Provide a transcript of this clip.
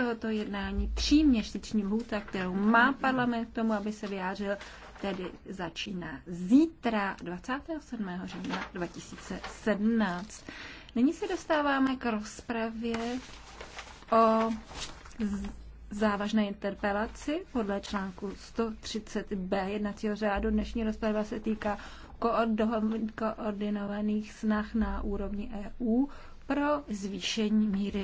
tohoto jednání tříměsíční lhůta, kterou má parlament k tomu, aby se vyjádřil, tedy začíná zítra 27. října 2017. Nyní se dostáváme k rozpravě o závažné interpelaci podle článku 130b jednacího řádu. Dnešní rozprava se týká koordinovaných snah na úrovni EU pro zvýšení míry